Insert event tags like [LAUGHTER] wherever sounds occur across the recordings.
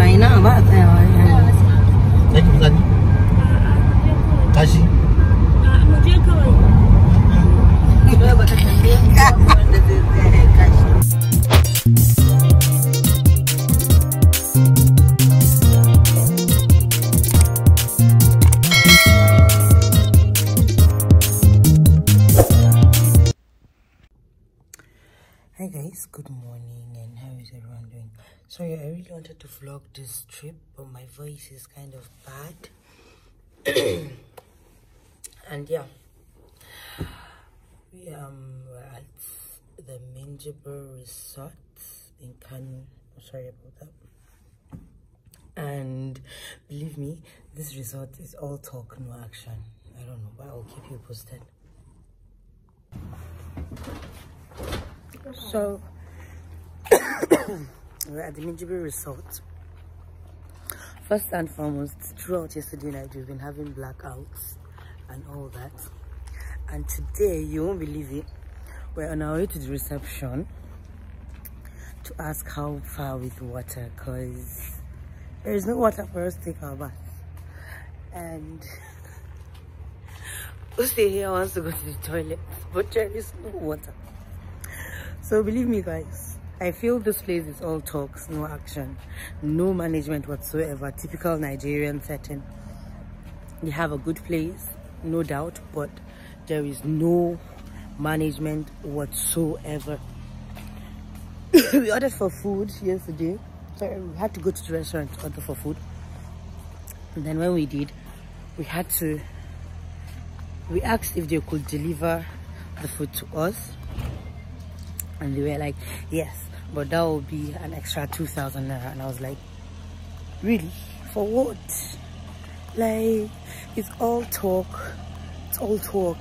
Kaynağı Hey guys, good morning yeah, I really wanted to vlog this trip, but my voice is kind of bad. and yeah, we um, were at the Minjibur Resort in Kanu. Sorry about that. And believe me, this resort is all talk, no action. I don't know, but I'll keep you posted. So. We're at the Minjibi Resort. First and foremost, throughout yesterday night, we've been having blackouts and all that. And today, you won't believe it, we're on our way to the reception to ask how far with water because there is no water for us to take our bath. And Usi [LAUGHS] here wants to go to the toilet, but there is no water. So believe me, guys, I feel this place is all talks, no action, no management whatsoever. Typical Nigerian setting. They have a good place, no doubt, but there is no management whatsoever. [COUGHS] we ordered for food yesterday. Sorry, we had to go to the restaurant to order for food. And then when we did, we had to, we asked if they could deliver the food to us and they were like yes but that will be an extra 2000 naira and i was like really for what like it's all talk it's all talk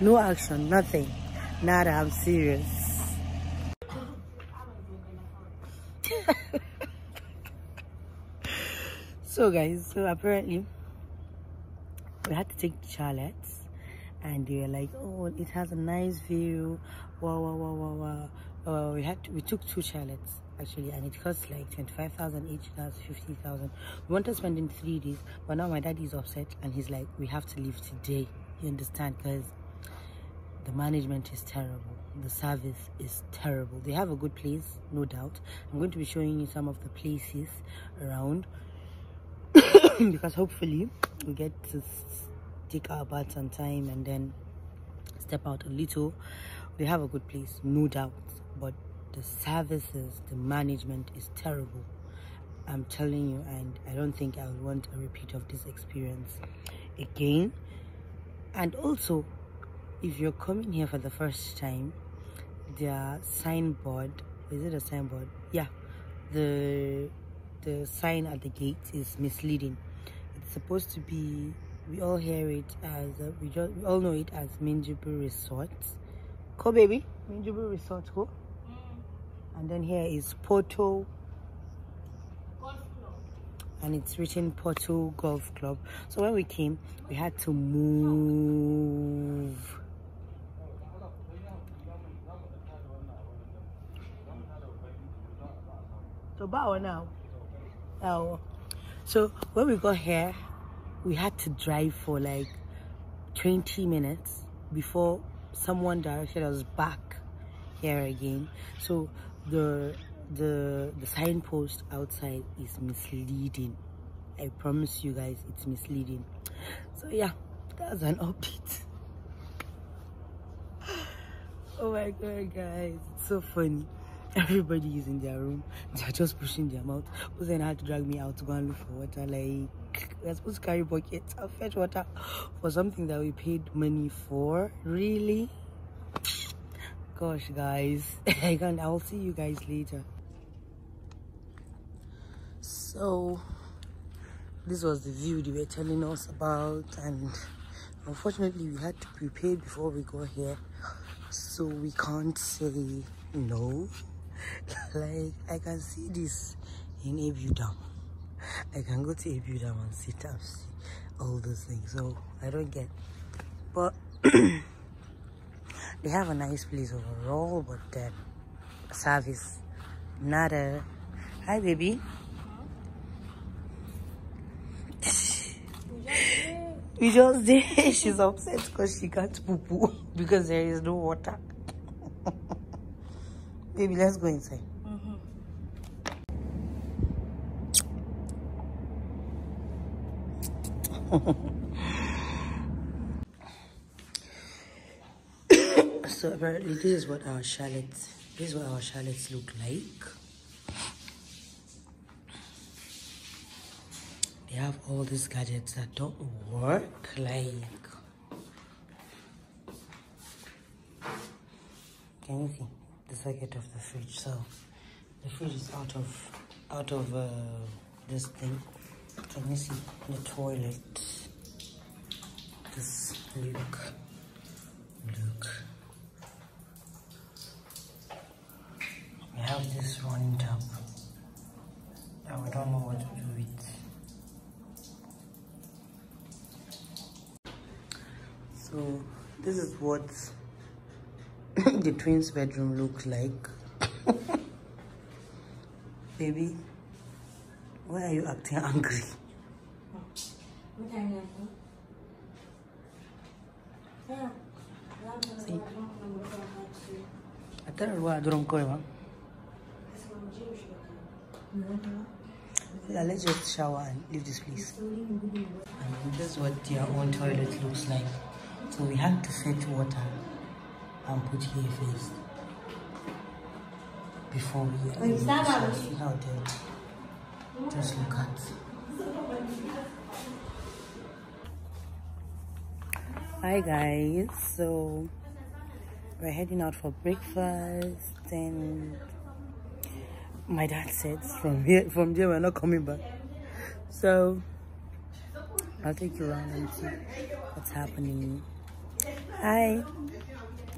no action nothing nada i'm serious [LAUGHS] so guys so apparently we had to take charlotte and they were like oh it has a nice view wow wow wow wow wow uh, we had to, we took two chalets actually and it cost like 25,000 each that's 50,000 we wanted to spend in three days but now my dad is upset and he's like we have to leave today you understand because the management is terrible the service is terrible they have a good place no doubt i'm going to be showing you some of the places around [COUGHS] because hopefully we get to take our bath some time and then step out a little they have a good place no doubt but the services, the management is terrible. I'm telling you, and I don't think I'll want a repeat of this experience again. And also, if you're coming here for the first time, the signboard is it a signboard? Yeah, the the sign at the gate is misleading. It's supposed to be. We all hear it as uh, we, just, we all know it as Minjubu Resort. Go, baby, Minjubu Resort and then here is Porto and it's written Porto Golf Club. So when we came, we had to move. So now. Oh. So when we got here, we had to drive for like 20 minutes before someone directed us back here again. So the the the signpost outside is misleading i promise you guys it's misleading so yeah that's an [LAUGHS] update oh my god guys it's so funny everybody is in their room they're just pushing their mouth then had to drag me out to go and look for water like we're supposed to carry buckets and fetch water for something that we paid money for really gosh, guys. [LAUGHS] and I'll see you guys later. So, this was the view they were telling us about. And unfortunately, we had to prepare before we got here. So, we can't say no. [LAUGHS] like, I can see this in view down. I can go to Abu Dam and sit and see all those things. So, I don't get. But... [CLEARS THROAT] They have a nice place overall, but the service, not a... Hi, baby. [LAUGHS] We just did. [LAUGHS] She's upset because she can't poo poo [LAUGHS] because there is no water. Baby, let's go inside. Mm -hmm. So apparently this is what our shallots, this is what our shallots look like. They have all these gadgets that don't work, like, can you see the circuit of the fridge? So the fridge is out of, out of uh, this thing. Can you see the toilet? This, look, look. This is what [COUGHS] the twins' bedroom looks like. [COUGHS] Baby, why are you acting angry? I thought let's just shower and leave this place. And this is what your own toilet looks like. So we had to fetch water and put here first before we oh, is that Just look at. Hi guys, so we're heading out for breakfast and my dad said from here from here we're not coming back. So I'll take you around and see what's happening. Hi.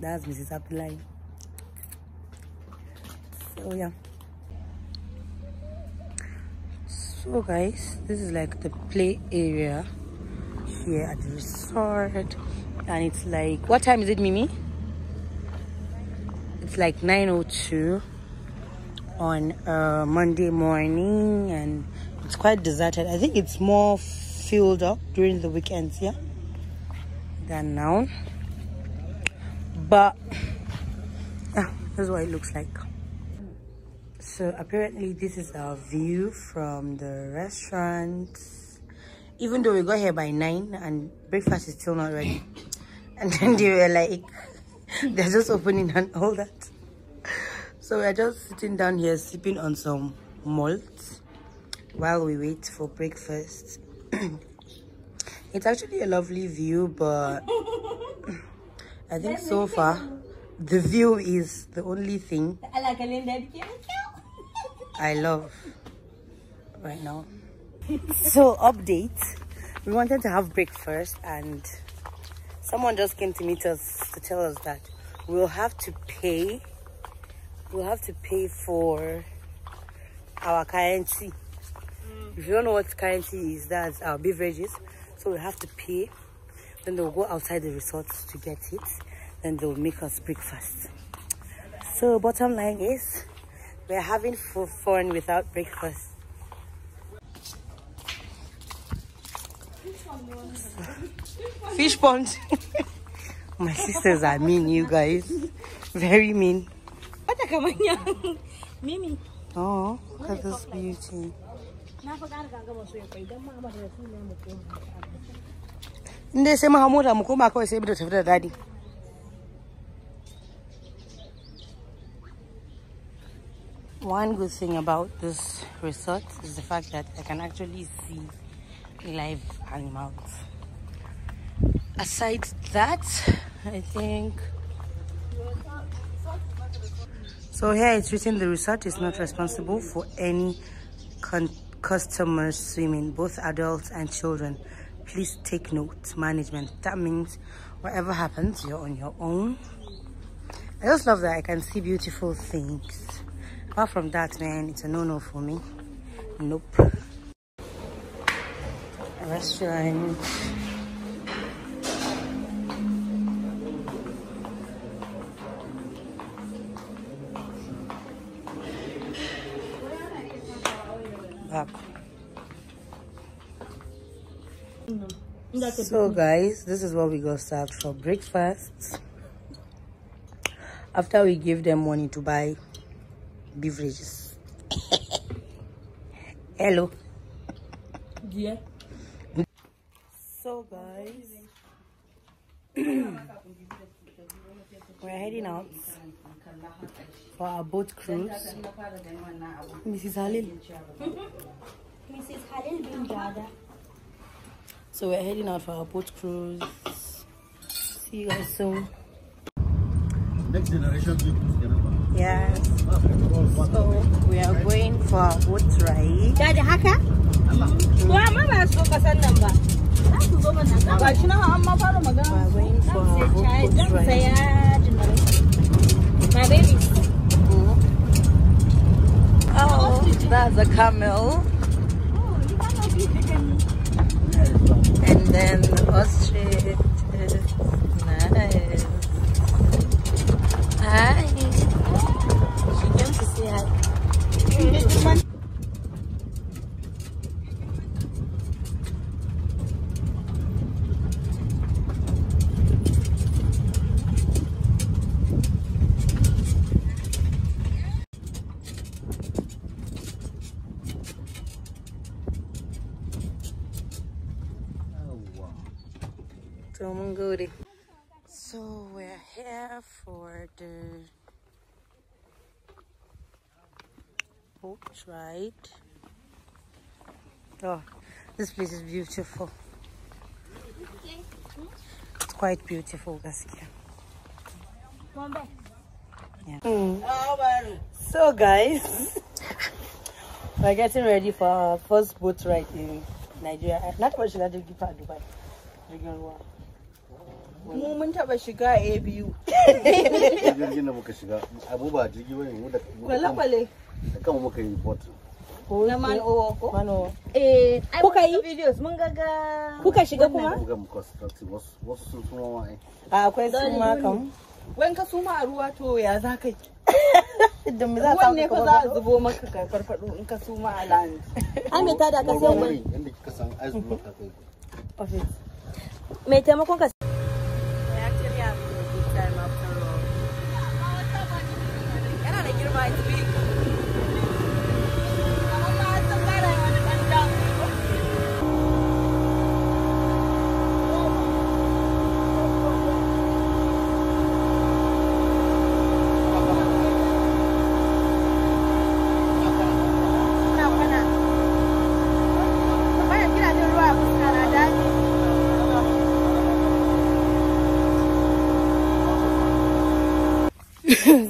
That's Mrs. Apply. So yeah. So guys, this is like the play area here at the resort. And it's like what time is it, Mimi? It's like 902 on uh, Monday morning and it's quite deserted. I think it's more filled up during the weekends, yeah? than now but yeah, that's what it looks like so apparently this is our view from the restaurant even though we got here by nine and breakfast is still not ready [LAUGHS] and then they were like [LAUGHS] they're just opening and all that so we're just sitting down here sipping on some malt while we wait for breakfast [CLEARS THROAT] it's actually a lovely view but [LAUGHS] i think so far the view is the only thing i love right now [LAUGHS] so update we wanted to have breakfast and someone just came to meet us to tell us that we'll have to pay we'll have to pay for our currency mm. if you don't know what currency is that's our beverages so we have to pay. Then they'll go outside the resort to get it. Then they'll make us breakfast. So bottom line is, we're having fun without breakfast. Fish pond. [LAUGHS] My sisters are mean, you guys. Very mean. [LAUGHS] Mimi. Oh, look at this beauty one good thing about this resort is the fact that i can actually see live animals aside that i think so here it's written the resort is not responsible for any content customers swimming, both adults and children. Please take note, management. That means whatever happens, you're on your own. I just love that I can see beautiful things. Apart from that, man, it's a no-no for me. Nope. Restaurant. so guys this is what we got served for breakfast after we give them money to buy beverages [LAUGHS] hello yeah our boat cruise. Mrs. Halil. Mrs. Halil bin Jada. So we're heading out for our boat cruise. See you guys soon. Next generation Yes. So we are going for a boat ride. Daddy, haka? Mm. We're going for our boat ride. My baby. That's a camel. Oh, and then ostrich. books, right? Oh, this place is beautiful. It's quite beautiful, Gaskia. Yeah. Mm. So, guys, [LAUGHS] we're getting ready for our first boat ride in Nigeria. Eh, not much that you give her Dubai. Region one. mu mun taba a biyu [LAUGHS] jirgin da abu da kama muka yi na man eh, shiga kuma suma a ruwa to ya za [LAUGHS] me wanne ka za a zubo maka ka in ka suma a [LAUGHS] ta da ka sai wani inda kika san ice ka kai mai taimakon ka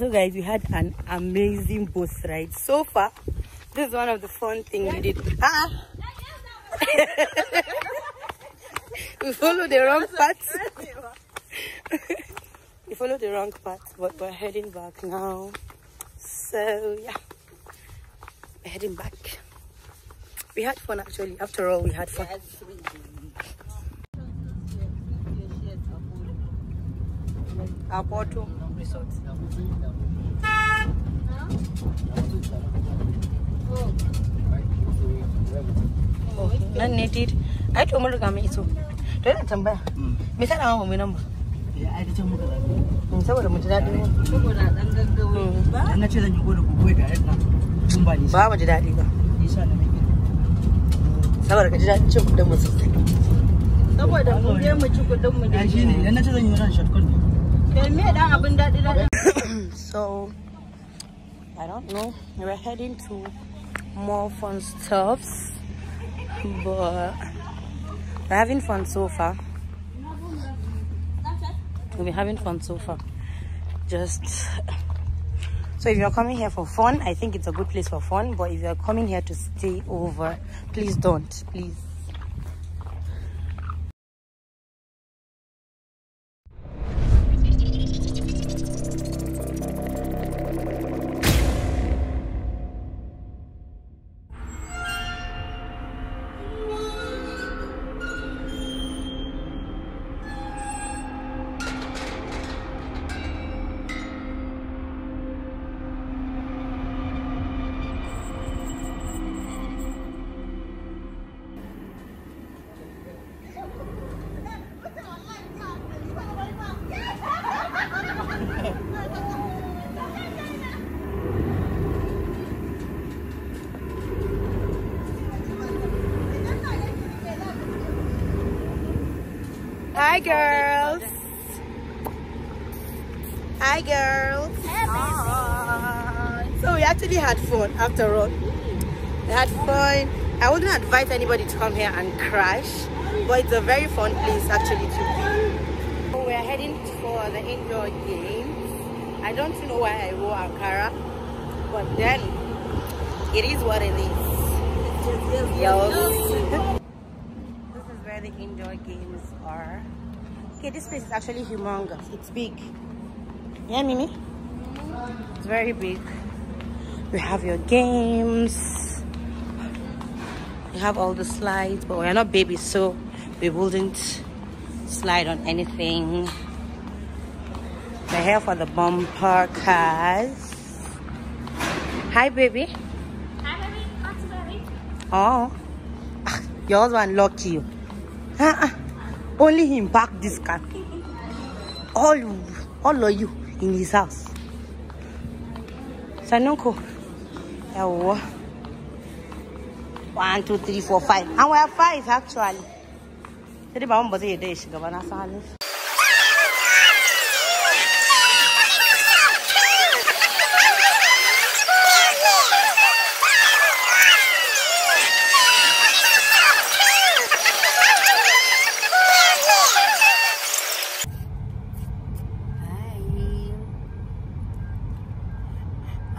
guys we had an amazing bus ride so far this is one of the fun things we did ah. [LAUGHS] we followed the wrong path [LAUGHS] we followed the wrong path but we're heading back now so yeah we're heading back we had fun actually after all we had fun Aporto. resort. Nan ne titi. Ai to mun riga mun iso. To tambaya. Me sa mu nan ba? Ya ai da can muka hmm, Saboda mu ji mu. Saboda dan gaggawa hmm. ba. zan yi ni. Ba mu ji daɗi ba. Isa Saboda ka ji cin kudin shortcut [COUGHS] so I don't know we're heading to more fun stuffs but we're having fun so far we're having fun so far just so if you're coming here for fun I think it's a good place for fun but if you're coming here to stay over please don't please Hi, girls. Hi, girls. Hi. So we actually had fun after all. We had fun. I wouldn't advise anybody to come here and crash, but it's a very fun place actually to be. We're heading for the indoor games. I don't know why I wore Ankara, but then it is what it is. Yes. [LAUGHS] this is where the indoor games are. Okay, this place is actually humongous. It's big. Yeah, Mimi? It's very big. We have your games. We have all the slides, but we're not babies, so we wouldn't slide on anything. The hair for the bumper cars. Hi, baby. Hi, baby. What's baby? Oh, your husband locked you. Only him park this car. All, all of you in his house. Sanonko. One, two, three, four, five. And we five actually.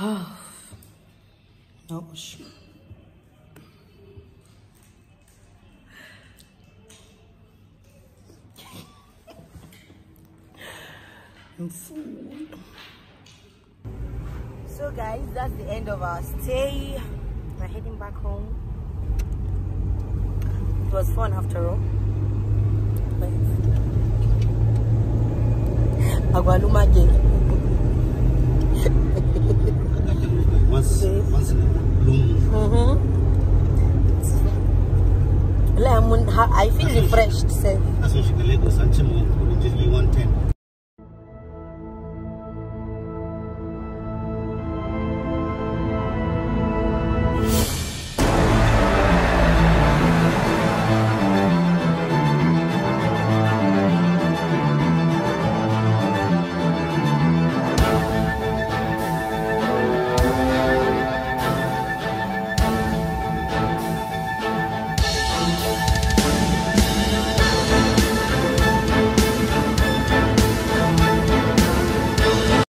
Oh I'm full. So guys, that's the end of our stay. We're heading back home. It was fun after all. Agualuma once, once in a Mm-hmm. I feel refreshed, sir.